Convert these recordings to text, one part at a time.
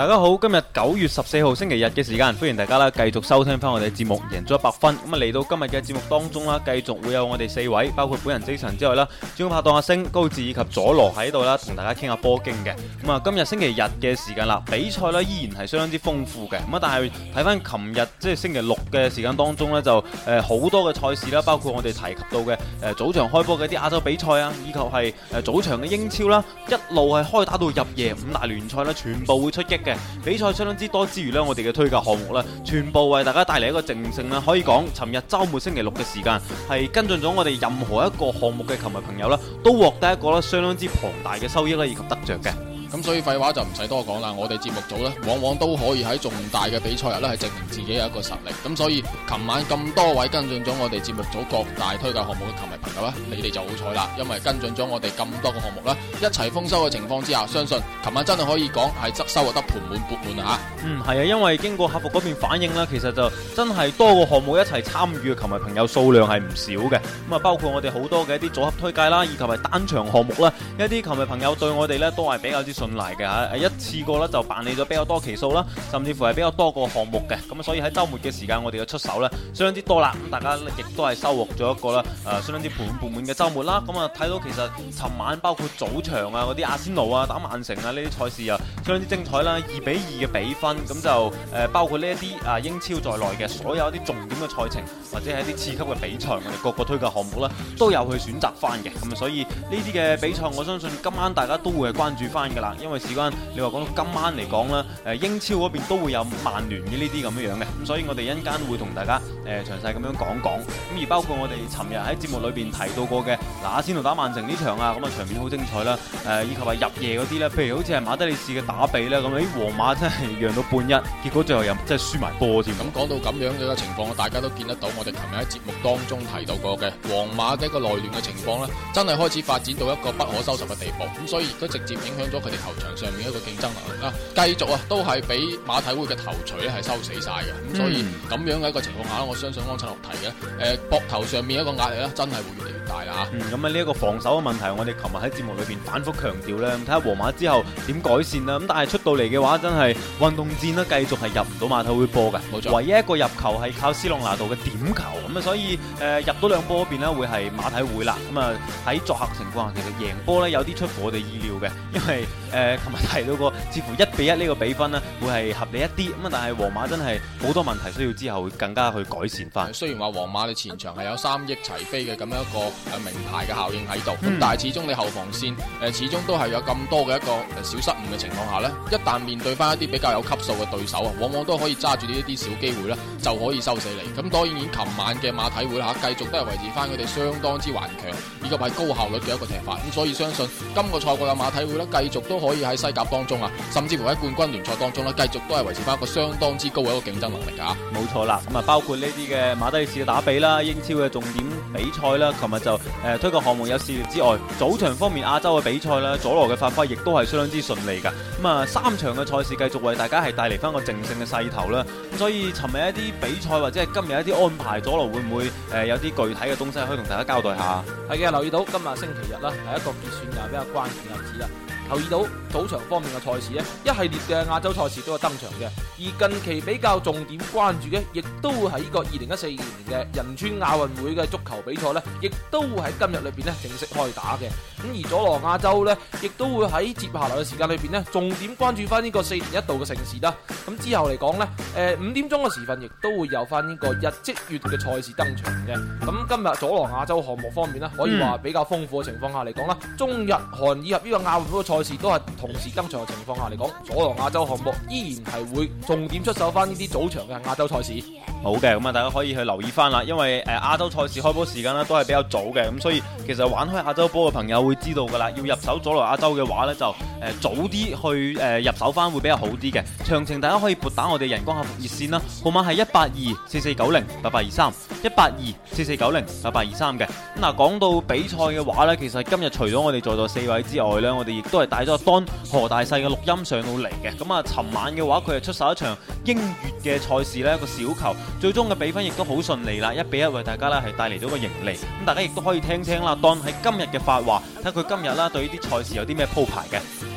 大家好，今9 14日九月十四號星期日嘅時間，歡迎大家啦，繼續收聽翻我哋嘅節目贏咗一百分。咁啊，嚟到今日嘅節目當中啦，繼續會有我哋四位，包括本人 j 神之外啦，仲拍檔阿星高志以及佐羅喺度啦，同大家傾下波經嘅。咁啊，今日星期日嘅時間啦，比賽咧依然係相當之豐富嘅。咁啊，但係睇翻琴日即係星期六嘅時間當中咧，就誒好多嘅賽事啦，包括我哋提及到嘅誒早場開波嘅啲亞洲比賽啊，以及係誒早場嘅英超啦，一路係開打到入夜五大聯賽啦，全部會出擊嘅。比賽相當之多之餘咧，我哋嘅推介項目咧，全部為大家帶嚟一個正勝啦！可以講，尋日周末星期六嘅時間係跟進咗我哋任何一個項目嘅球迷朋友啦，都獲得一個咧相當之龐大嘅收益啦，以及得着嘅。咁所以廢話就唔使多講啦，我哋節目組咧，往往都可以喺重大嘅比賽日咧，係證明自己有一個實力。咁所以琴晚咁多位跟進咗我哋節目組各大推介項目嘅球迷朋友咧，你哋就好彩啦，因為跟進咗我哋咁多個項目啦，一齊豐收嘅情況之下，相信琴晚真係可以講係執收穫得盆滿缽滿啊！嗯，係啊，因為經過客服嗰邊反映咧，其實就真係多個項目一齊參與嘅球迷朋友數量係唔少嘅。咁啊，包括我哋好多嘅一啲組合推介啦，以及係單場項目啦，一啲球迷朋友對我哋咧都係比較之信賴嘅嚇，一次過咧就辦理咗比較多期數啦，甚至乎係比較多個項目嘅，咁所以喺週末嘅時間，我哋嘅出手咧，相當之多啦，咁大家亦都係收穫咗一個啦，誒、呃、相當之半滿滿嘅週末啦，咁啊睇到其實尋晚包括早場啊嗰啲阿仙奴啊打曼城啊呢啲賽事啊，相當之精彩啦，二比二嘅比分，咁就誒、呃、包括呢一啲啊英超在內嘅所有一啲重點嘅賽程或者係一啲次級嘅比賽，我哋各個推介項目啦，都有去選擇翻嘅，咁啊所以呢啲嘅比賽我相信今晚大家都會係關注翻嘅啦。因為事關你話講到今晚嚟講啦，誒英超嗰邊都會有曼聯嘅呢啲咁樣樣嘅，咁所以我哋一陣間會同大家誒詳細咁樣講講，咁而包括我哋尋日喺節目裏邊提到過嘅，嗱先頭打曼城呢場啊，咁啊場面好精彩啦，誒以及係入夜嗰啲咧，譬如好似係馬德里士嘅打比咧，咁誒皇馬真係讓到半一，結果最後又真係輸埋波添。咁講到咁樣嘅情況，大家都見得到，我哋尋日喺節目當中提到過嘅皇馬嘅一個內亂嘅情況咧，真係開始發展到一個不可收拾嘅地步，咁所以亦都直接影響咗佢哋。球場上面一個競爭啊，繼續啊，都係俾馬體會嘅頭錘咧，係收死晒嘅。咁、嗯、所以咁樣嘅一個情況下，我相信安切洛提嘅誒膊頭上面一個壓力咧，真係會越嚟越大啦。嗯，咁啊呢一個防守嘅問題，我哋琴日喺節目裏邊反復強調咧，睇下皇馬之後點改善啊。咁但係出到嚟嘅話，真係運動戰呢，繼續係入唔到馬體會波嘅。冇錯，唯一一個入球係靠斯朗拿度嘅點球。咁啊，所以誒、呃、入到兩波邊咧，會係馬體會啦。咁啊喺作客情況下，其實贏波咧，有啲出乎我哋意料嘅，因為。誒，琴日、呃、提到過似乎一比一呢個比分咧，會係合理一啲咁啊，但係皇馬真係好多問題需要之後會更加去改善翻。雖然話皇馬嘅前場係有三億齊飛嘅咁樣一個誒名牌嘅效應喺度，咁、嗯、但係始終你後防線誒、呃、始終都係有咁多嘅一個小失誤嘅情況下呢，一旦面對翻一啲比較有級數嘅對手啊，往往都可以揸住呢一啲小機會咧，就可以收死你。咁當然，琴晚嘅馬體會嚇繼續都係維持翻佢哋相當之頑強以及係高效率嘅一個踢法。咁所以相信今個賽季嘅馬體會呢，繼續都可以喺西甲當中啊，甚至乎喺冠軍聯賽當中呢，繼續都係維持翻一個相當之高嘅一個競爭能力噶。冇錯啦，咁啊包括呢啲嘅馬德里士嘅打比啦，英超嘅重點比賽啦，琴日就誒推介項目有事業之外，早場方面亞洲嘅比賽啦，佐羅嘅發揮亦都係相當之順利噶。咁啊三場嘅賽事繼續為大家係帶嚟翻個正勝嘅勢頭啦。咁所以尋日一啲比賽或者係今日一啲安排羅，佐羅會唔會誒有啲具體嘅東西可以同大家交代一下？係嘅，留意到今日星期日啦，係一個結算又係比較關鍵日子啦。留意到早場方面嘅賽事咧，一系列嘅亞洲賽事都有登場嘅。而近期比較重點關注嘅，亦都會喺呢個二零一四年嘅仁川亞運會嘅足球比賽呢亦都會喺今日裏邊咧正式開打嘅。咁而佐羅亞洲呢，亦都會喺接下來嘅時間裏邊呢，重點關注翻呢個四年一度嘅盛事。啦。咁之後嚟講呢，誒、呃、五點鐘嘅時分亦都會有翻呢個日積月嘅賽事登場嘅。咁今日佐羅亞洲項目方面呢，可以話比較豐富嘅情況下嚟講啦，中日韓以及呢個亞運會嘅賽。賽事都係同時登場嘅情況下嚟講，佐羅亞洲項目依然係會重點出手翻呢啲早場嘅亞洲賽事。好嘅，咁啊，大家可以去留意翻啦，因為誒亞洲賽事開波時間呢都係比較早嘅，咁所以其實玩開亞洲波嘅朋友會知道噶啦，要入手佐羅亞洲嘅話呢，就誒早啲去誒入手翻會比較好啲嘅。詳情大家可以撥打我哋人工客服熱線啦，號碼係一八二四四九零八八二三一八二四四九零八八二三嘅。咁嗱，講到比賽嘅話呢，其實今日除咗我哋在座四位之外呢，我哋亦都係。帶咗，當何大細嘅錄音上到嚟嘅咁啊，尋晚嘅話佢係出手一場英粵嘅賽事呢，個小球最終嘅比分亦都好順利啦，一比一為大家呢係帶嚟咗個盈利，咁大家亦都可以聽聽啦。當喺今日嘅發話，睇下佢今日啦對呢啲賽事有啲咩鋪排嘅。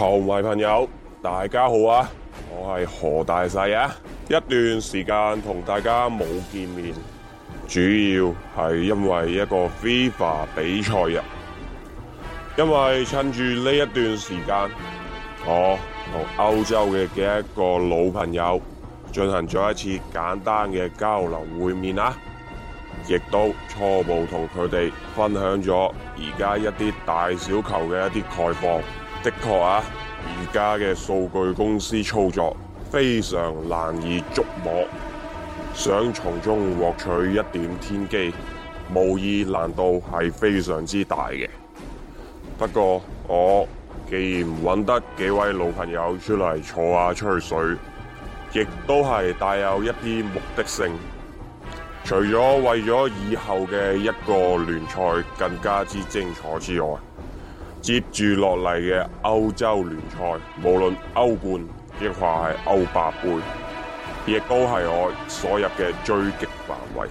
球迷朋友，大家好啊！我係何大細啊，一段時間同大家冇見面，主要係因為一個 FIFA 比賽日。因為趁住呢一段時間，我同歐洲嘅嘅一個老朋友進行咗一次簡單嘅交流會面啊，亦都初步同佢哋分享咗而家一啲大小球嘅一啲概況。的確啊，而家嘅數據公司操作非常難以捉摸，想從中獲取一點天機，無疑難度係非常之大嘅。不過我既然揾得幾位老朋友出嚟坐下吹水，亦都係帶有一啲目的性，除咗為咗以後嘅一個聯賽更加之精彩之外。接住落嚟嘅歐洲聯賽，無論歐冠亦或係歐霸杯，亦都係我所入嘅追擊範圍。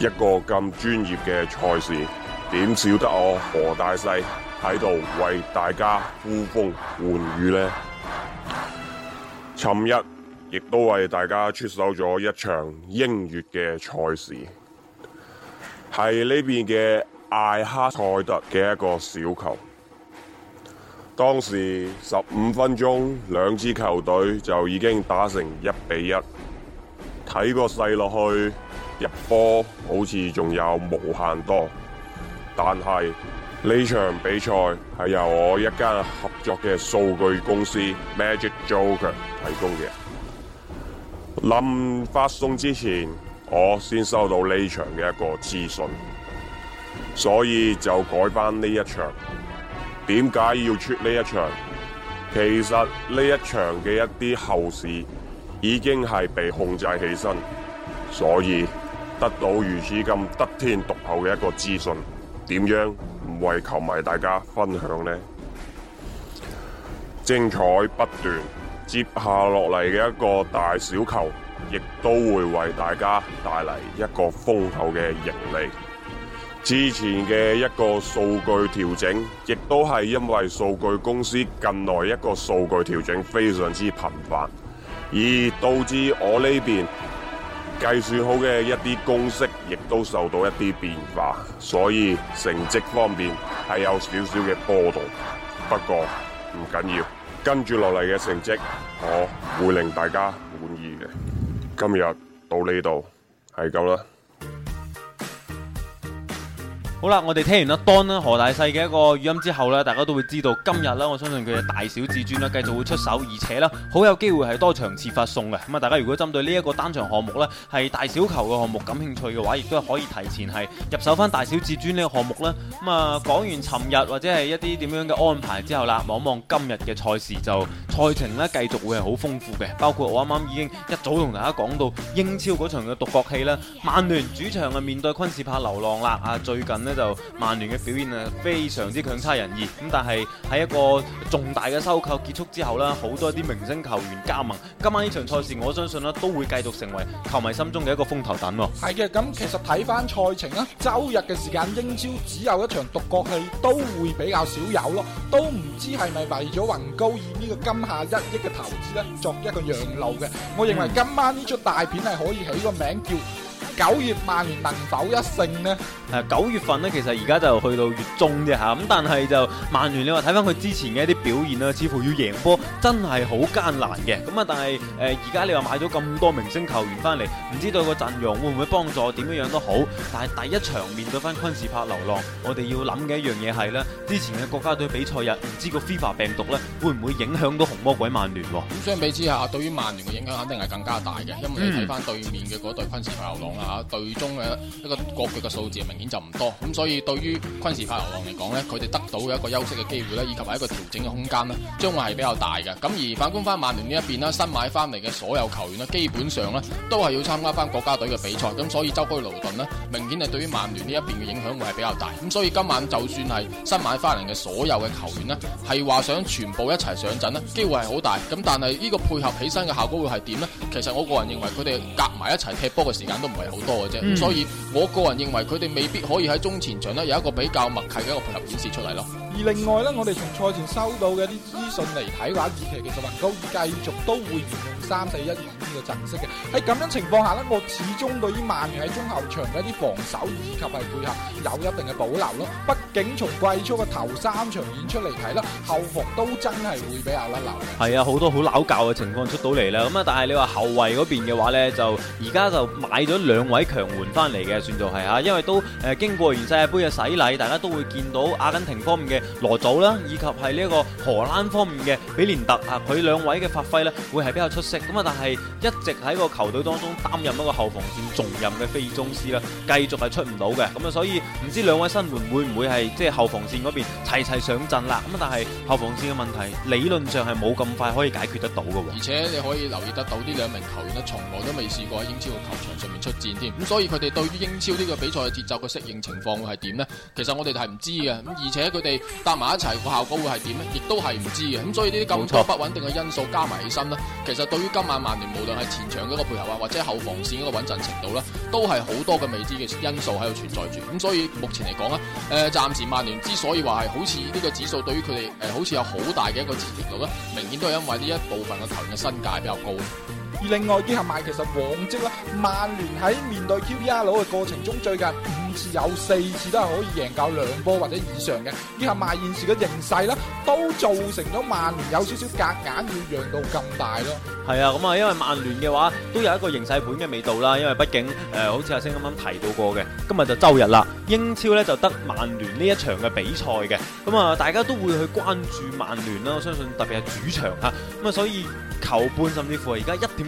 一個咁專業嘅賽事，點少得我何大細喺度為大家呼風喚雨呢？尋日亦都為大家出手咗一場英乙嘅賽事，係呢邊嘅艾哈塞特嘅一個小球。當時十五分鐘，兩支球隊就已經打成一比一。睇個細落去入波好似仲有無限多，但係呢場比賽係由我一間合作嘅數據公司 Magic Joker 提供嘅。臨發送之前，我先收到呢場嘅一個資訊，所以就改翻呢一場。點解要出呢一場？其實呢一場嘅一啲後事已經係被控制起身，所以得到如此咁得天獨厚嘅一個資訊，點樣唔為球迷大家分享呢？精彩不斷，接下落嚟嘅一個大小球，亦都會為大家帶嚟一個豐厚嘅盈利。之前嘅一個數據調整，亦都係因為數據公司近來一個數據調整非常之頻繁，而導致我呢邊計算好嘅一啲公式亦都受到一啲變化，所以成績方面係有少少嘅波動。不過唔緊要，跟住落嚟嘅成績我會令大家滿意嘅。今日到呢度係咁啦。好啦，我哋聽完阿 Don 啦何大細嘅一個語音之後呢，大家都會知道今日呢，我相信佢嘅大小至尊呢繼續會出手，而且呢，好有機會係多場次發送嘅。咁、嗯、啊，大家如果針對呢一個單場項目呢，係大小球嘅項目感興趣嘅話，亦都可以提前係入手翻大小至尊呢個項目啦。咁、嗯、啊，講完尋日或者係一啲點樣嘅安排之後啦，望望今日嘅賽事就賽程呢，繼續會係好豐富嘅，包括我啱啱已經一早同大家講到英超嗰場嘅獨角戲啦，曼聯主場啊面對昆士柏流浪啦，啊最近。咧就曼聯嘅表現啊，非常之強差人意。咁但係喺一個重大嘅收購結束之後啦，好多啲明星球員加盟。今晚呢場賽事，我相信咧都會繼續成為球迷心中嘅一個風頭躉。係嘅，咁其實睇翻賽程啊，周日嘅時間英超只有一場獨角戲，都會比較少有咯。都唔知係咪為咗雲高爾呢個今夏一億嘅投資咧作一個讓路嘅？我認為今晚呢出大片係可以起個名叫。九月曼聯能否一勝呢？誒、啊，九月份咧，其實而家就去到月中啫吓，咁但係就曼聯，你話睇翻佢之前嘅一啲表現啦，似乎要贏波真係好艱難嘅。咁啊，但係誒、而、呃、家你話買咗咁多明星球員翻嚟，唔知對個陣容會唔會幫助？點樣樣都好，但係第一場面對翻昆士柏流浪，我哋要諗嘅一樣嘢係呢：之前嘅國家隊比賽日，唔知個 FIFA 病毒咧會唔會影響到紅魔鬼曼聯？咁相比之下，對於曼聯嘅影響肯定係更加大嘅，因為你睇翻對面嘅嗰隊昆士柏流浪啦。啊，隊中嘅一個國腳嘅數字明顯就唔多，咁所以對於昆士柏流浪嚟講咧，佢哋得到一個休息嘅機會咧，以及係一個調整嘅空間咧，將會係比較大嘅。咁而反觀翻曼聯呢一邊啦，新買翻嚟嘅所有球員咧，基本上咧都係要參加翻國家隊嘅比賽，咁所以舟車勞頓咧，明顯係對於曼聯呢一邊嘅影響會係比較大。咁所以今晚就算係新買翻嚟嘅所有嘅球員咧，係話想全部一齊上陣咧，機會係好大。咁但係呢個配合起身嘅效果會係點呢？其實我個人認為佢哋夾埋一齊踢波嘅時間都唔係好好多嘅啫，嗯、所以我個人認為佢哋未必可以喺中前場咧有一個比較默契嘅一個配合顯示出嚟咯。而另外咧，我哋從賽前收到嘅啲資訊嚟睇嘅話，預期其實雲高爾繼續都會沿用三四一二呢個陣式嘅。喺咁樣情況下咧，我始終對於曼聯喺中後場嘅一啲防守以及係配合有一定嘅保留咯。畢竟從季初嘅頭三場演出嚟睇咧，後防都真係會比較甩流嘅。係啊，好多好撈教嘅情況出到嚟啦。咁啊，但係你話後衞嗰邊嘅話咧，就而家就買咗兩位強援翻嚟嘅，算做係嚇。因為都誒經過完世界盃嘅洗禮，大家都會見到阿根廷方面嘅。羅祖啦，以及係呢一個荷蘭方面嘅比連特啊，佢兩位嘅發揮咧會係比較出色，咁啊但係一直喺個球隊當中擔任一個後防線重任嘅菲爾宗師啦，繼續係出唔到嘅，咁啊所以唔知兩位新援會唔會係即係後防線嗰邊齊齊上陣啦，咁但係後防線嘅問題理論上係冇咁快可以解決得到嘅，而且你可以留意得到呢兩名球員咧，從來都未試過喺英超嘅球場上面出戰添，咁所以佢哋對於英超呢個比賽嘅節奏嘅適應情況會係點咧？其實我哋係唔知嘅，咁而且佢哋。搭埋一齊個效果會係點咧？亦都係唔知嘅。咁所以呢啲咁多不穩定嘅因素加埋起身咧，錯其實對於今晚曼聯無論係前場嗰個配合啊，或者後防線嗰個穩陣程度咧，都係好多嘅未知嘅因素喺度存在住。咁所以目前嚟講咧，誒、呃、暫時曼聯之所以話係好似呢個指數對於佢哋、呃、好似有好大嘅一個支持度咧，明顯都係因為呢一部分嘅球員嘅身價比較高。而另外結合埋其實往績啦，曼聯喺面對 QPR 嘅過程中，最近五次有四次都係可以贏夠兩波或者以上嘅。結合埋現時嘅形勢咧，都造成咗曼聯有少少夾硬要讓到咁大咯。係啊，咁啊，因為曼聯嘅話都有一個形勢盤嘅味道啦。因為畢竟誒、呃，好似阿星啱啱提到過嘅，今日就周日啦，英超咧就得曼聯呢一場嘅比賽嘅。咁啊，大家都會去關注曼聯啦。我相信特別係主場嚇咁啊，所以球半甚至乎而家一點。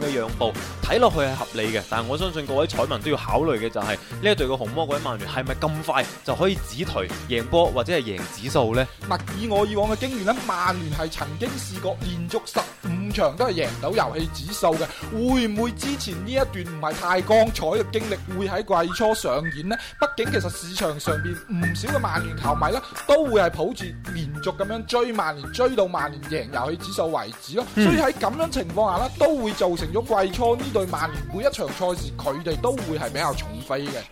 嘅讓步睇落去係合理嘅，但係我相信各位彩民都要考慮嘅就係、是、呢一隊嘅紅魔鬼曼聯係咪咁快就可以止頹贏波或者係贏指數呢？嗱，以我以往嘅經驗咧，曼聯係曾經試過連續十五場都係贏到遊戲指數嘅，會唔會之前呢一段唔係太光彩嘅經歷會喺季初上演呢？畢竟其實市場上邊唔少嘅曼聯球迷咧都會係抱住連續咁樣追曼聯，追到曼聯贏遊戲指數為止咯。嗯、所以喺咁樣的情況下咧，都會造成。如果季初呢對曼聯每一場賽事，佢哋都會係比較重。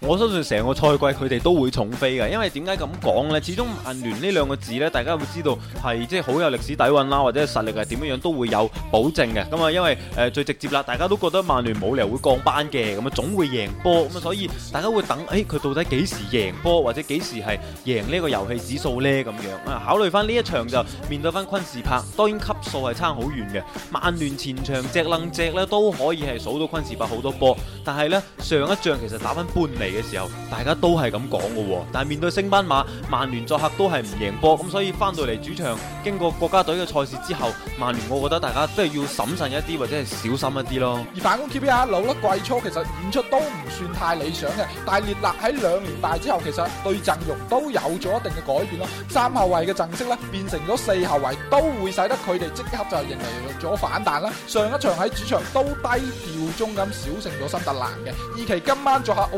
我相信成個賽季佢哋都會重飛嘅，因為點解咁講咧？始終曼聯呢兩個字咧，大家會知道係即係好有歷史底蘊啦，或者實力係點樣，樣都會有保證嘅。咁啊，因為誒、呃、最直接啦，大家都覺得曼聯冇理由會降班嘅，咁啊總會贏波，咁啊所以大家會等誒佢、欸、到底幾時贏波，或者幾時係贏呢個遊戲指數咧？咁樣啊，考慮翻呢一場就面對翻昆士柏，當然級數係差好遠嘅。曼聯前場隻楞隻咧都可以係數到昆士柏好多波，但係咧，上一仗其實打翻。搬嚟嘅時候，大家都係咁講嘅喎，但係面對升班馬曼聯作客都係唔贏波，咁所以翻到嚟主場，經過國家隊嘅賽事之後，曼聯我覺得大家都係要審慎一啲或者係小心一啲咯。而反攻 k p e r 老笠季初其實演出都唔算太理想嘅，但係列納喺兩年大之後，其實對陣容都有咗一定嘅改變咯。三後衛嘅陣式咧，變成咗四後衛，都會使得佢哋即刻就係迎來咗反彈啦。上一場喺主場都低調中咁小勝咗新特蘭嘅，而其今晚作客。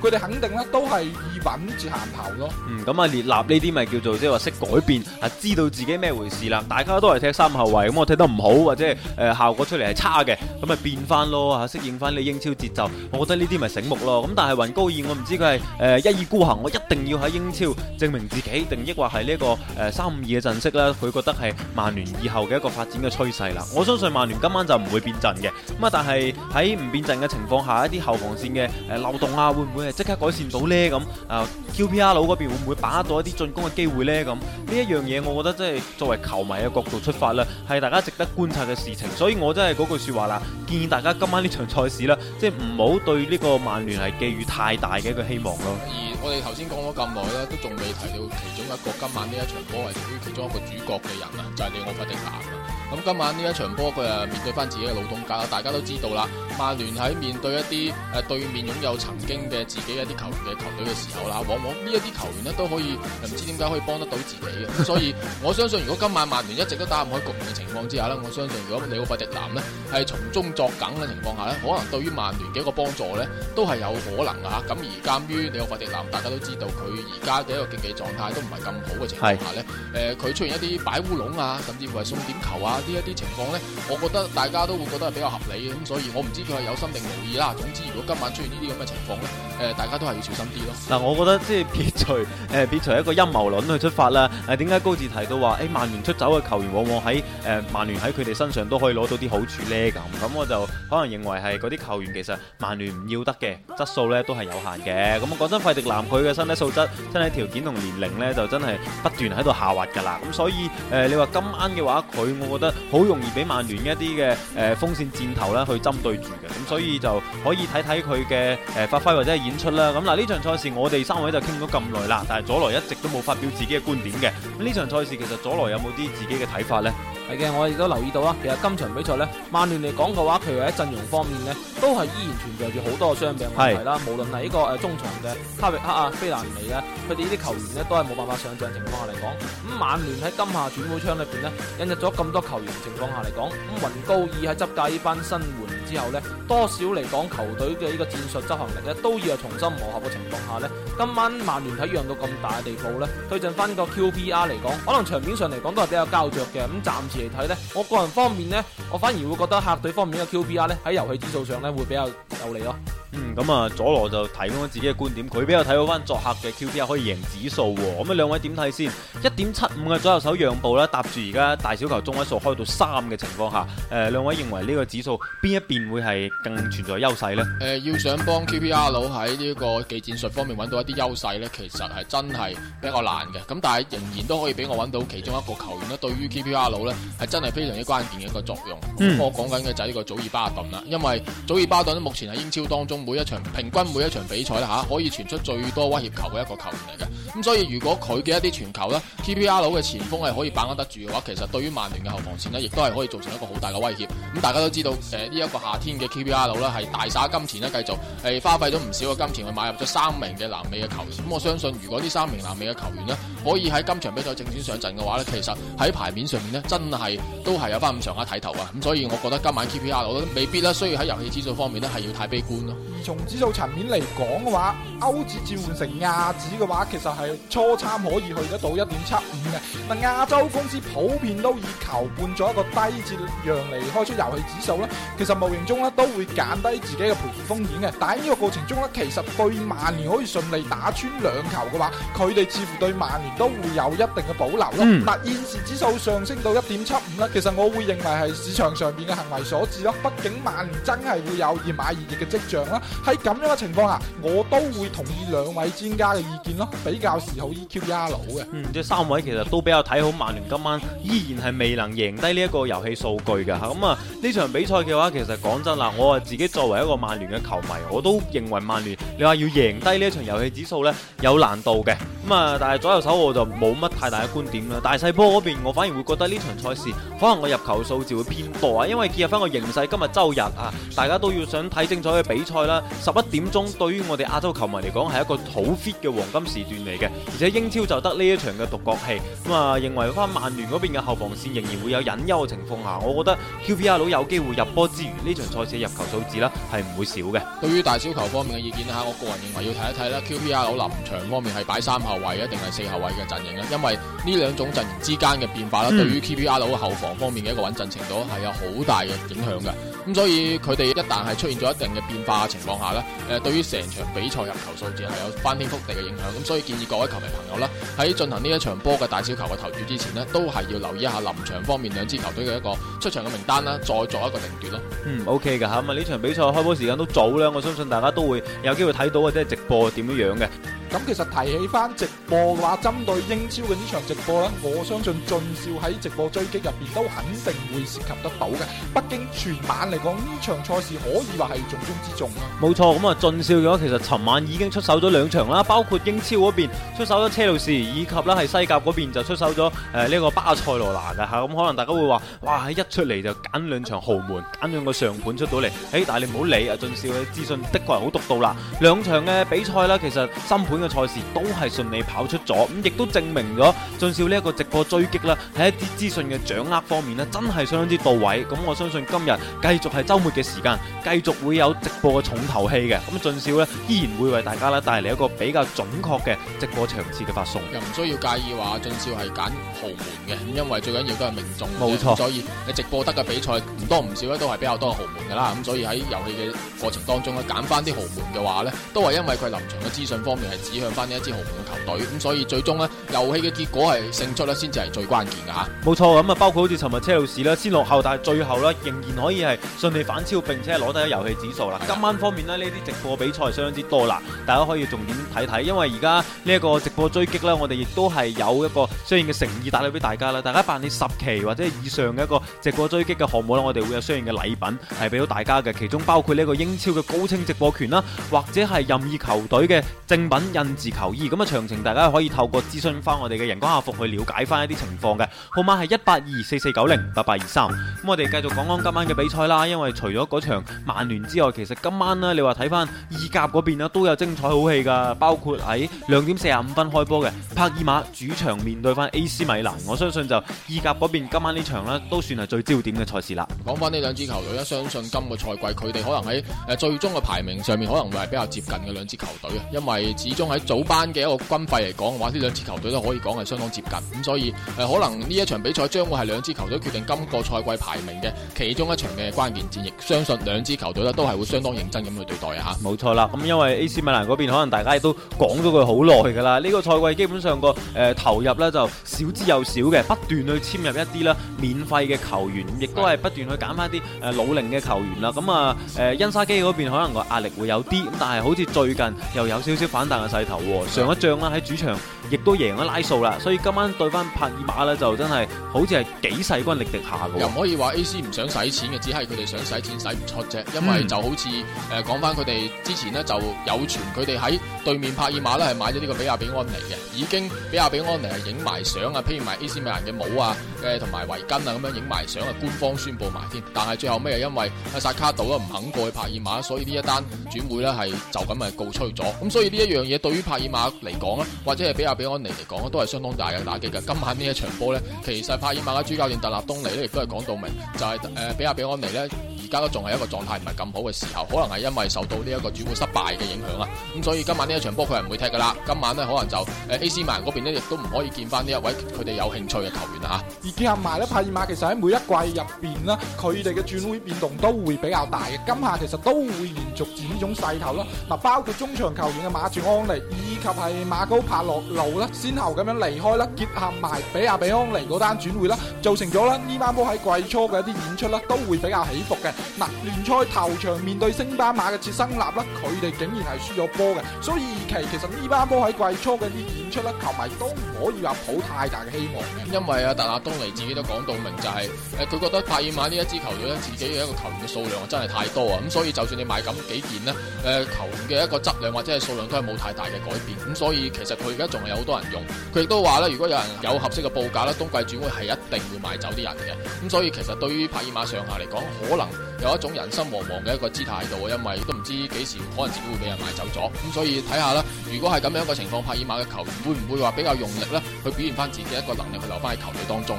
佢哋肯定咧都係以穩住行頭咯。嗯，咁啊列立呢啲咪叫做即係話識改變，啊知道自己咩回事啦。大家都係踢三後衛，咁我踢得唔好或者誒效果出嚟係差嘅，咁咪變翻咯，啊適應翻呢英超節奏。我覺得呢啲咪醒目咯。咁但係雲高爾，我唔知佢係誒一意孤行，我一定要喺英超證明自己，定抑或係呢個誒三五二嘅陣式咧，佢覺得係曼聯以後嘅一個發展嘅趨勢啦。我相信曼聯今晚就唔會變陣嘅。咁啊，但係喺唔變陣嘅情況下，一啲後防線嘅誒動啊，會唔會係即刻改善到呢？咁？啊，Q P R 佬嗰邊會唔會把握到一啲進攻嘅機會呢？咁？呢一樣嘢，我覺得即係作為球迷嘅角度出發啦，係大家值得觀察嘅事情。所以我真係嗰句說話啦，建議大家今晚呢場賽事啦，即係唔好對呢個曼聯係寄予太大嘅一個希望咯。而我哋頭先講咗咁耐啦，都仲未提到其中一個今晚呢一場波係屬於其中一個主角嘅人啊，就係、是、你我弗迪亞。咁今晚呢一場波佢誒面對翻自己嘅老東家，大家都知道啦。曼聯喺面對一啲誒、呃、對面擁有曾經嘅自己一啲球員嘅球隊嘅時候啦，往往呢一啲球員呢都可以，唔知點解可以幫得到自己嘅。所以我相信，如果今晚曼聯一直都打唔開局面嘅情況之下呢，我相信如果你個費迪南呢係從中作梗嘅情況下呢，可能對於曼聯嘅一個幫助呢都係有可能嚇。咁而鑑於你個費迪南，大家都知道佢而家嘅一個競技狀態都唔係咁好嘅情況下呢，誒佢是、呃、出現一啲擺烏龍啊，甚至乎係送點球啊。呢一啲情況呢，我覺得大家都會覺得係比較合理嘅，咁所以，我唔知佢係有心定無意啦。總之，如果今晚出現呢啲咁嘅情況呢，誒，大家都係要小心啲咯。嗱、啊，我覺得即係撇除誒，撇除一個陰謀論去出發啦。誒、啊，點解高志提到話，誒、欸，曼聯出走嘅球員往往喺誒曼聯喺佢哋身上都可以攞到啲好處呢？咁咁，我就可能認為係嗰啲球員其實曼聯唔要得嘅，質素呢都係有限嘅。咁我講真，費迪南佢嘅身體素質、身體條件同年齡呢，就真係不斷喺度下滑㗎啦。咁所以，誒、啊，你話今晚嘅話，佢我覺得。好容易俾曼聯一啲嘅誒鋒線箭頭啦去針對住嘅，咁所以就可以睇睇佢嘅誒發揮或者係演出啦。咁嗱，呢場賽事我哋三位就傾咗咁耐啦，但係佐萊一直都冇發表自己嘅觀點嘅。咁呢場賽事其實佐萊有冇啲自己嘅睇法呢？係嘅，我亦都留意到啦。其實今場比賽呢，曼聯嚟講嘅話，佢喺陣容方面呢都係依然存在住好多嘅傷病問題啦。的無論係呢個誒中場嘅卡域克啊、菲蘭尼啊。佢哋呢啲球員咧都係冇辦法上陣嘅情況下嚟講，咁曼聯喺今夏轉會窗裏邊咧引入咗咁多球員嘅情況下嚟講，咁雲高爾喺執教呢班新援。之後呢，多少嚟講球隊嘅呢個戰術執行力呢，都要重新磨合嘅情況下呢。今晚曼聯睇讓到咁大嘅地步呢，對陣翻呢個 QPR 嚟講，可能場面上嚟講都係比較膠着嘅。咁、嗯、暫時嚟睇呢，我個人方面呢，我反而會覺得客隊方面嘅 QPR 呢，喺遊戲指數上呢會比較有利咯。嗯，咁啊，佐羅就提供咗自己嘅觀點，佢比較睇到翻作客嘅 QPR 可以贏指數喎、哦。咁啊，兩位點睇先？一點七五嘅左右手讓步呢，搭住而家大小球中位數開到三嘅情況下，誒、呃，兩位認為呢個指數邊一邊？會係更存在優勢呢？誒、呃，要想幫 QPR 佬喺呢一個技戰術方面揾到一啲優勢呢，其實係真係比較難嘅。咁但係仍然都可以俾我揾到其中一個球員於呢，對於 QPR 佬呢係真係非常之關鍵嘅一個作用。咁、嗯、我講緊嘅就係呢個祖爾巴頓啦，因為祖爾巴頓目前喺英超當中每一場平均每一場比賽咧吓，可以傳出最多威脅球嘅一個球員嚟嘅。咁、嗯、所以如果佢嘅一啲傳球呢，QPR 佬嘅前鋒係可以把握得住嘅話，其實對於曼聯嘅後防線呢，亦都係可以造成一個好大嘅威脅。咁、嗯、大家都知道誒，呢、呃、一、這個夏天嘅 KPR 佬，咧係大灑金錢咧，繼續係花費咗唔少嘅金錢去買入咗三名嘅南美嘅球員。咁我相信，如果呢三名南美嘅球員呢，可以喺今場比賽正選上陣嘅話呢，其實喺牌面上面呢，真係都係有翻咁長下睇頭啊！咁所以我覺得今晚 KPR 佬咧未必咧需要喺遊戲指數方面呢，係要太悲觀咯。而從指數層面嚟講嘅話，歐指轉換成亞指嘅話，其實係初參可以去得到一點七五嘅。嗱，亞洲公司普遍都以球半咗一個低字讓嚟開出遊戲指數咧，其實冇。中咧都會減低自己嘅賠付風險嘅，但係呢個過程中咧，其實對曼聯可以順利打穿兩球嘅話，佢哋似乎對曼聯都會有一定嘅保留咯。嗱、嗯，但現時指數上升到一點七五啦，其實我會認為係市場上邊嘅行為所致咯。畢竟曼聯真係會有二買二賠嘅跡象啦。喺咁樣嘅情況下，我都會同意兩位專家嘅意見咯，比較 favour EQ y a 嘅。嗯，即係三位其實都比較睇好曼聯，今晚依然係未能贏低呢一個遊戲數據嘅。咁、嗯、啊，呢場比賽嘅話，其實講講真啦，我啊自己作為一個曼聯嘅球迷，我都認為曼聯你話要贏低呢一場遊戲指數呢，有難度嘅，咁啊，但係左右手我就冇乜太大嘅觀點啦。大細波嗰邊我反而會覺得呢場賽事可能我入球數字會偏多啊，因為結合翻個形勢，今日周日啊，大家都要想睇精彩嘅比賽啦。十一點鐘對於我哋亞洲球迷嚟講係一個好 fit 嘅黃金時段嚟嘅，而且英超就得呢一場嘅獨角戲咁啊，認為翻曼聯嗰邊嘅後防線仍然會有隱憂嘅情況下，我覺得 QPR 佬有機會入波之餘呢。賽入球數字啦，係唔會少嘅。對於大小球方面嘅意見吓，我個人認為要睇一睇啦。Q P R 佬臨場方面係擺三後衛啊，定係四後衛嘅陣型啦，因為呢兩種陣型之間嘅變化啦，嗯、對於 Q P R 佬嘅後防方面嘅一個穩陣程度，係有好大嘅影響嘅。咁所以佢哋一旦係出現咗一定嘅變化嘅情況下呢，誒對於成場比賽入球數字係有翻天覆地嘅影響，咁所以建議各位球迷朋友啦，喺進行呢一場波嘅大小球嘅投注之前呢，都係要留意一下臨場方面兩支球隊嘅一個出場嘅名單啦，再作一個定奪咯。嗯，OK 噶吓，咁啊呢場比賽開波時間都早啦，我相信大家都會有機會睇到或者直播點樣樣嘅。咁其實提起翻直播嘅話，針對英超嘅呢場直播啦，我相信俊少喺直播追擊入邊都肯定會涉及得到嘅。畢竟全晚嚟講呢場賽事可以話係重中之重啊。冇錯，咁啊俊少嘅話，其實尋晚已經出手咗兩場啦，包括英超嗰邊出手咗車路士，以及咧係西甲嗰邊就出手咗誒呢個巴塞羅那啊吓。咁可能大家會話，哇，一出嚟就揀兩場豪門，揀兩個上盤出到嚟，誒、欸，但係你唔好理啊，俊少嘅資訊的確係好獨到啦。兩場嘅比賽啦，其實新盤。嘅賽事都係順利跑出咗，咁亦都證明咗俊少呢一個直播追擊啦，喺一啲資訊嘅掌握方面咧，真係相當之到位。咁我相信今日繼續係周末嘅時間，繼續會有直播嘅重頭戲嘅。咁俊少咧依然會為大家咧帶嚟一個比較準確嘅直播場次嘅發送，又唔需要介意話俊少係揀豪門嘅。咁因為最緊要都係命中，冇錯。所以你直播得嘅比賽唔多唔少咧，都係比較多豪門噶啦。咁所以喺遊戲嘅過程當中咧，揀翻啲豪門嘅話咧，都係因為佢臨場嘅資訊方面係。指向翻呢一支豪門球隊，咁所以最終呢，遊戲嘅結果係勝出咧，先至係最關鍵噶吓。冇錯，咁啊，包括好似尋日車路士咧，先落後，但係最後咧仍然可以係順利反超，並且攞低咗遊戲指數啦。的今晚方面呢，呢啲直播比賽相當之多啦，大家可以重點睇睇，因為而家呢一個直播追擊呢，我哋亦都係有一個相應嘅誠意帶嚟俾大家啦。大家辦理十期或者以上嘅一個直播追擊嘅項目咧，我哋會有相應嘅禮品係俾到大家嘅，其中包括呢一個英超嘅高清直播權啦，或者係任意球隊嘅正品。親自求醫咁啊！詳情大家可以透過諮詢翻我哋嘅人工客服去了解翻一啲情況嘅，號碼係一八二四四九零八八二三。咁我哋繼續講講今晚嘅比賽啦，因為除咗嗰場曼聯之外，其實今晚咧，你話睇翻意甲嗰邊啦，都有精彩好戲噶，包括喺兩點四十五分開波嘅帕爾馬主場面對翻 A.C. 米蘭，我相信就意甲嗰邊今晚呢場咧，都算係最焦點嘅賽事啦。講翻呢兩支球隊呢，相信今個賽季佢哋可能喺誒最終嘅排名上面，可能會係比較接近嘅兩支球隊啊，因為始終。喺早班嘅一個軍費嚟講嘅話，呢兩支球隊都可以講係相當接近，咁所以誒、呃、可能呢一場比賽將會係兩支球隊決定今個賽季排名嘅其中一場嘅關鍵戰役，相信兩支球隊咧都係會相當認真咁去對待啊吓。冇錯啦，咁、嗯、因為 AC 米蘭嗰邊可能大家亦都講咗佢好耐噶啦，呢、這個賽季基本上個誒、呃、投入咧就少之又少嘅，不斷去簽入一啲啦免費嘅球員，亦都係不斷去揀翻啲誒老齡嘅球員啦。咁啊誒恩沙基嗰邊可能個壓力會有啲，但係好似最近又有少少反彈。細頭上一仗啦喺主場亦都贏咗拉素啦，所以今晚對翻帕爾馬咧就真係好似係幾勢均力敵下嘅。又唔可以話 A.C. 唔想使錢嘅，只係佢哋想使錢使唔出啫。因為就好似誒講翻佢哋之前呢，就有傳佢哋喺對面帕爾馬咧係買咗呢個比亞比安尼嘅，已經比亞比安尼係影埋相啊，披埋 A.C. 米蘭嘅帽啊，誒同埋圍巾啊咁樣影埋相啊，官方宣布埋添。但係最後咩又因為阿薩卡杜啦唔肯過去帕爾馬，所以呢一單轉會咧係就咁咪告吹咗。咁所以呢一樣嘢。對於帕爾馬嚟講咧，或者係比亞比安尼嚟講咧，都係相當大嘅打擊嘅。今晚呢一場波咧，其實帕爾馬嘅主教練特納東尼咧亦都係講到明，就係、是、誒、呃、比亞比安尼咧。而家都仲係一個狀態唔係咁好嘅時候，可能係因為受到呢一個轉會失敗嘅影響啊。咁所以今晚呢一場波佢係唔會踢噶啦。今晚咧可能就誒、呃、AC 米蘭嗰邊咧亦都唔可以見翻呢一位佢哋有興趣嘅球員啊。吓，而結合埋咧，帕爾馬其實喺每一季入邊咧，佢哋嘅轉會變動都會比較大嘅。今夏其實都會延續住呢種勢頭啦。嗱，包括中場球員嘅馬祖安尼以及係馬高帕洛盧啦，先後咁樣離開啦，結合埋比亞比安尼嗰單轉會啦，造成咗啦呢班波喺季初嘅一啲演出啦，都會比較起伏嘅。嗱，聯賽、啊、頭場面對星巴馬嘅切身立啦，佢哋竟然係輸咗波嘅，所以二期其，其實呢班波喺季初嘅啲演出咧，球迷都唔可以話抱太大嘅希望嘅。因為但阿達亞東尼自己都講到明、就是，就係誒，佢覺得帕爾馬呢一支球隊咧，自己嘅一個球員嘅數量真係太多啊，咁所以就算你賣咁幾件咧，誒、呃，球員嘅一個質量或者係數量都係冇太大嘅改變，咁所以其實佢而家仲係有好多人用。佢亦都話咧，如果有人有合適嘅報價啦，冬季轉會係一定會賣走啲人嘅。咁所以其實對於帕爾馬上下嚟講，可能，有一種人心惶惶嘅一個姿態度，因為都唔知幾時可能自己會俾人買走咗，咁所以睇下啦。如果係咁樣嘅情況，帕爾馬嘅球員會唔會話比較用力咧，去表現翻自己一個能力，去留翻喺球隊當中？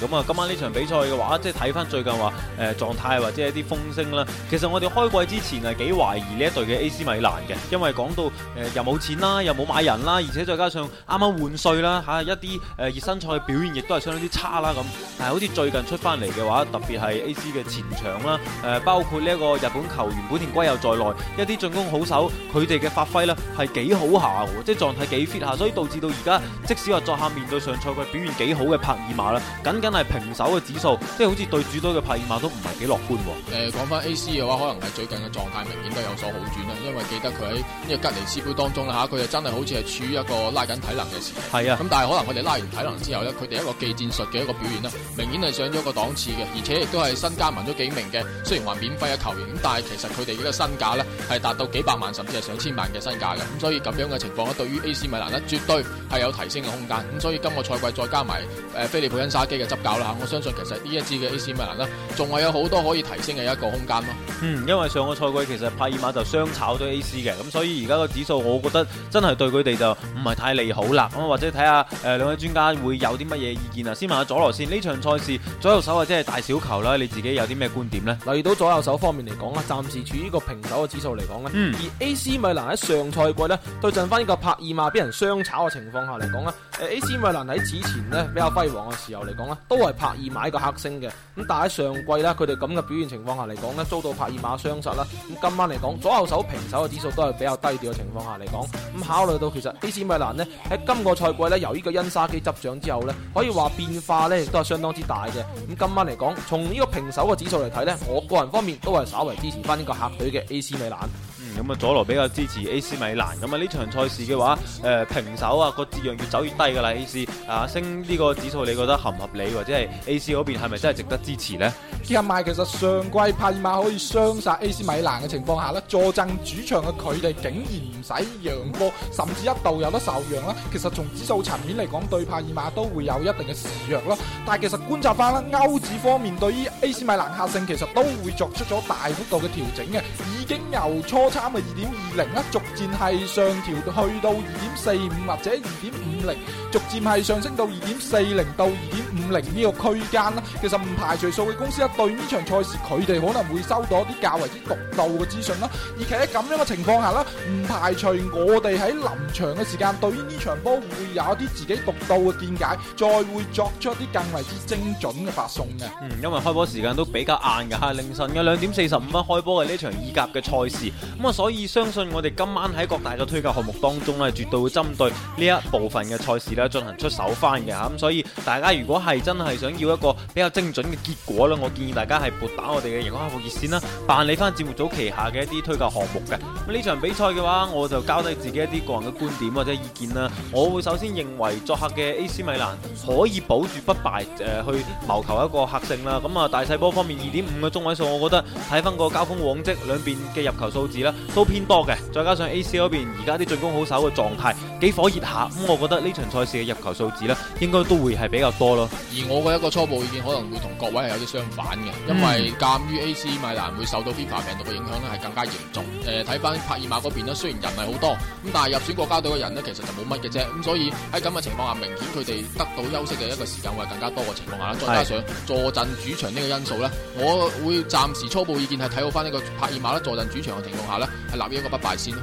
咁啊，今晚呢場比賽嘅話即係睇翻最近話誒狀態或者一啲風聲啦。其實我哋開季之前係幾懷疑呢一隊嘅 A.C. 米蘭嘅，因為講到誒、呃、又冇錢啦，又冇買人啦，而且再加上啱啱換帥啦吓、啊、一啲誒熱身賽嘅表現亦都係相當之差啦咁。但係好似最近出翻嚟嘅話特別係 A.C. 嘅前場啦，誒、呃、包括呢一個日本球員本田圭佑在內一啲進攻好手佢哋嘅發揮啦係幾好下即係狀態幾 fit 下，所以導致到而家即使話作客面對上賽季表現幾好嘅帕爾馬啦，僅僅係平手嘅指數，即係好似對主隊嘅排名都唔係幾樂觀。誒，講翻 A.C. 嘅話，可能係最近嘅狀態明顯都有所好轉啦。因為記得佢喺呢個吉尼斯杯當中啦，吓佢就真係好似係處於一個拉緊體能嘅時候。係啊，咁但係可能佢哋拉完體能之後咧，佢哋一個技戰術嘅一個表現咧，明顯係上咗個檔次嘅，而且亦都係新加盟咗幾名嘅，雖然話免費嘅球員，咁但係其實佢哋呢個身價咧係達到幾百萬甚至係上千萬嘅身價嘅。咁所以咁樣嘅情況咧，對於 A.C. 米蘭咧，絕對係有提升嘅空間。咁所以今個賽季再加埋誒，菲利普恩沙基嘅，執教啦，我相信其實呢一支嘅 AC 米蘭咧，仲係有好多可以提升嘅一個空間咯。嗯，因為上個賽季其實帕爾馬就雙炒咗 AC 嘅，咁所以而家個指數我覺得真係對佢哋就唔係太利好啦。咁、嗯、或者睇下誒兩位專家會有啲乜嘢意見啊？先問下佐羅先，呢場賽事左右手或者係大小球啦，你自己有啲咩觀點呢？留意到左右手方面嚟講咧，暫時處於個平手嘅指數嚟講咧，嗯、而 AC 米蘭喺上賽季呢，對陣翻呢個帕爾馬俾人雙炒嘅情況下嚟講咧。AC 米蘭喺此前咧比較輝煌嘅時候嚟講咧，都係帕爾馬一個黑星嘅。咁但喺上季咧，佢哋咁嘅表現情況下嚟講咧，遭到帕爾馬雙殺啦。咁今晚嚟講，左右手平手嘅指數都係比較低調嘅情況下嚟講。咁考慮到其實 AC 米蘭咧喺今個賽季咧由呢個恩沙基執掌之後咧，可以話變化咧亦都係相當之大嘅。咁今晚嚟講，從呢個平手嘅指數嚟睇咧，我個人方面都係稍為支持翻呢個客隊嘅 AC 米蘭。咁啊，佐羅、嗯、比較支持 A.C. 米蘭，咁啊呢場賽事嘅話，誒、呃、平手啊、嗰個指數越走越低噶啦，A.C. 啊升呢個指數，你覺得合唔合理，或者係 A.C. 嗰邊係咪真係值得支持咧？加埋其實上季帕爾馬可以雙殺 A.C. 米蘭嘅情況下咧，坐鎮主場嘅佢哋竟然唔使讓波，甚至一度有得受讓啦。其實從指數層面嚟講，對帕爾馬都會有一定嘅示弱啦。但係其實觀察翻啦，歐指方面對於 A.C. 米蘭客勝其實都會作出咗大幅度嘅調整嘅，已經由初。三嘅二點二零啦，逐漸係上調去到二點四五或者二點五零，逐漸係上升到二點四零到二點五零呢個區間啦。其實唔排除數據公司對呢場賽事佢哋可能會收到一啲較為之獨到嘅資訊啦。而且喺咁樣嘅情況下啦，唔排除我哋喺臨場嘅時間，對於呢場波會有一啲自己獨到嘅見解，再會作出一啲更為之精準嘅發送嘅。嗯，因為開波時間都比較晏㗎吓，凌晨嘅兩點四十五分開波嘅呢場意甲嘅賽事。咁所以相信我哋今晚喺各大嘅推介項目當中咧，絕對會針對呢一部分嘅賽事咧進行出手翻嘅吓。咁所以大家如果係真係想要一個比較精準嘅結果咧，我建議大家係撥打我哋嘅盈康客服熱線啦，辦理翻節目組旗下嘅一啲推介項目嘅。咁呢場比賽嘅話，我就交代自己一啲個人嘅觀點或者意見啦。我會首先認為作客嘅 AC 米蘭可以保住不敗誒，去謀求一個客勝啦。咁啊，大細波方面二點五嘅中位數，我覺得睇翻個交鋒往績，兩邊嘅入球數字啦。都偏多嘅，再加上 A.C. 嗰邊而家啲進攻好手嘅狀態幾火熱下，咁、嗯、我覺得呢場賽事嘅入球數字咧，應該都會係比較多咯。而我嘅一個初步意見可能會同各位係有啲相反嘅，嗯、因為鑒於 A.C. 米蘭會受到 FIFA 病毒嘅影響咧，係更加嚴重。誒、呃，睇翻帕爾馬嗰邊咧，雖然人係好多，咁但係入選國家隊嘅人咧，其實就冇乜嘅啫。咁所以喺咁嘅情況下，明顯佢哋得到休息嘅一個時間會更加多嘅情況下啦，再加上是坐鎮主場呢個因素咧，我會暫時初步意見係睇好翻呢個帕爾馬啦坐鎮主場嘅情況下咧。係立於一個不敗先咯。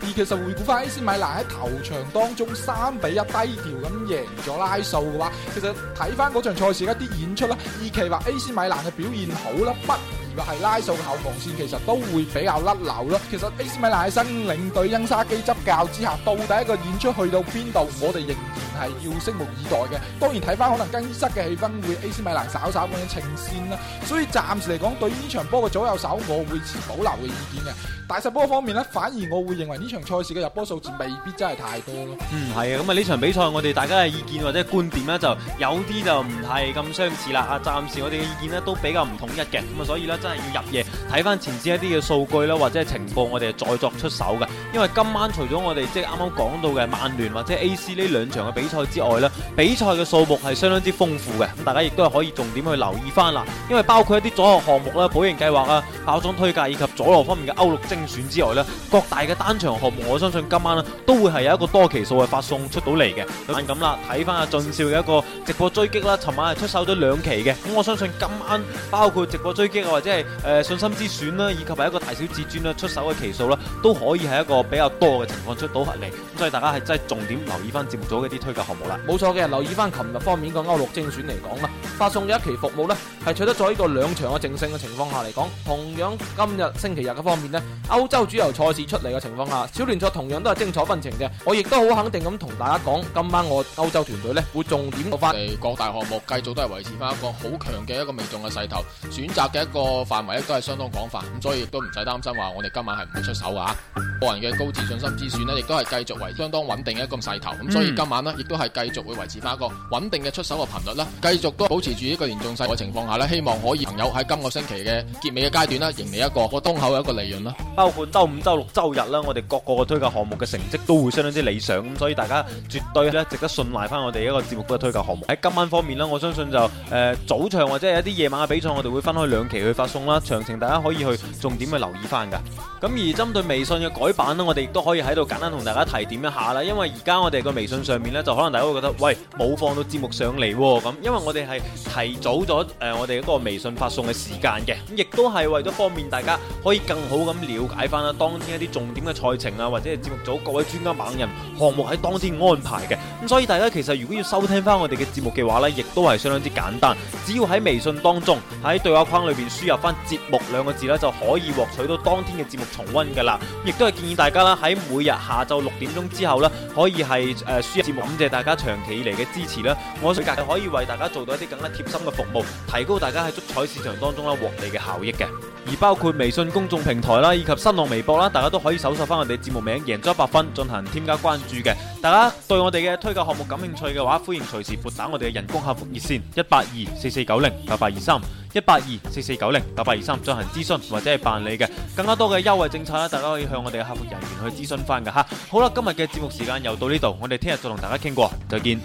而其實回顧翻 A.C. 米蘭喺頭場當中三比一低調咁贏咗拉素嘅話，其實睇翻嗰場賽事一啲演出啦，與其話 A.C. 米蘭嘅表現好啦，不就係拉數嘅後防線其實都會比較甩漏咯。其實 AC 米蘭喺新領隊恩沙基執教之下，到底一個演出去到邊度，我哋仍然係要拭目以待嘅。當然睇翻可能更衣室嘅氣氛，會 AC 米蘭稍稍咁樣呈現啦。所以暫時嚟講，對於呢場波嘅左右手，我會持保留嘅意見嘅。大細波方面呢，反而我會認為呢場賽事嘅入波數字未必真係太多咯。嗯，係啊。咁啊，呢場比賽我哋大家嘅意見或者觀點呢，就有啲就唔係咁相似啦。啊，暫時我哋嘅意見呢，都比較唔統一嘅。咁啊，所以咧。要入夜睇翻前瞻一啲嘅數據啦，或者係情報，我哋係再作出手嘅。因為今晚除咗我哋即係啱啱講到嘅曼聯或者 A.C 呢兩場嘅比賽之外呢，比賽嘅數目係相當之豐富嘅。咁大家亦都係可以重點去留意翻啦。因為包括一啲左岸項目啦、保盈計劃啊、爆種推介以及左岸方面嘅歐陸精選之外呢，各大嘅單場項目，我相信今晚咧都會係有一個多期數嘅發送出到嚟嘅。咁啦，睇翻阿俊少嘅一個直播追擊啦，尋晚係出手咗兩期嘅，咁我相信今晚包括直播追擊啊或者即係信心之選啦，以及係一個大小至尊啦，出手嘅期數啦，都可以係一個比較多嘅情況出到合理，所以大家係真係重點留意翻節目組嗰啲推介項目啦。冇錯嘅，留意翻琴日方面個歐陸精選嚟講啦，發送咗一期服務呢，係取得咗呢個兩場嘅正勝嘅情況下嚟講，同樣今日星期日嘅方面呢，歐洲主流賽事出嚟嘅情況下，小聯賽同樣都係精彩紛呈嘅。我亦都好肯定咁同大家講，今晚我歐洲團隊呢會重點做翻。係各大項目繼續都係維持翻一個好強嘅一個命中嘅勢頭，選擇嘅一個。個範圍都係相當廣泛，咁所以亦都唔使擔心話我哋今晚係唔會出手噶、啊。個人嘅高自信心之選呢，亦都係繼續為相當穩定嘅一個勢頭，咁、嗯、所以今晚呢，亦都係繼續會維持翻一個穩定嘅出手嘅頻率啦，繼續都保持住一個連中勢嘅情況下呢，希望可以朋友喺今個星期嘅結尾嘅階段呢迎嚟一個一個東口一個利潤咯、啊。包括週五、週六、週日啦，我哋各個嘅推介項目嘅成績都會相當之理想，咁所以大家絕對呢，值得信賴翻我哋一個節目嘅推介項目。喺今晚方面呢，我相信就誒、呃、早場或者係一啲夜晚嘅比賽，我哋會分開兩期去發。送啦，詳情大家可以去重點去留意翻噶。咁而針對微信嘅改版呢，我哋亦都可以喺度簡單同大家提點一下啦。因為而家我哋個微信上面呢，就可能大家會覺得，喂，冇放到節目上嚟咁。因為我哋係提早咗、呃、我哋嗰個微信發送嘅時間嘅，咁亦都係為咗方便大家可以更好咁了解翻啦當天一啲重點嘅賽程啊，或者係節目組各位專家猛人項目喺當天安排嘅。咁所以大家其實如果要收聽翻我哋嘅節目嘅話呢，亦都係相當之簡單，只要喺微信當中喺對話框裏邊輸入翻節目兩個字咧，就可以獲取到當天嘅節目重溫嘅啦。亦都係建議大家啦，喺每日下晝六點鐘之後咧，可以係誒輸入節目，感謝大家長期以嚟嘅支持啦。我哋格係可以為大家做到一啲更加貼心嘅服務，提高大家喺足彩市場當中啦獲利嘅效益嘅。而包括微信公眾平台啦，以及新浪微博啦，大家都可以搜索翻我哋嘅節目名《贏足 100FUN》進行添加關注嘅。大家對我哋嘅推介項目感興趣嘅話，歡迎隨時撥打我哋嘅人工客服熱線一八二四四九零八八二三。一八二四四九零八八二三進行諮詢或者係辦理嘅。更加多嘅優惠政策咧，大家可以向我哋嘅客服人員去諮詢翻㗎吓。好啦，今日嘅節目時間又到呢度，我哋聽日再同大家傾過，再見。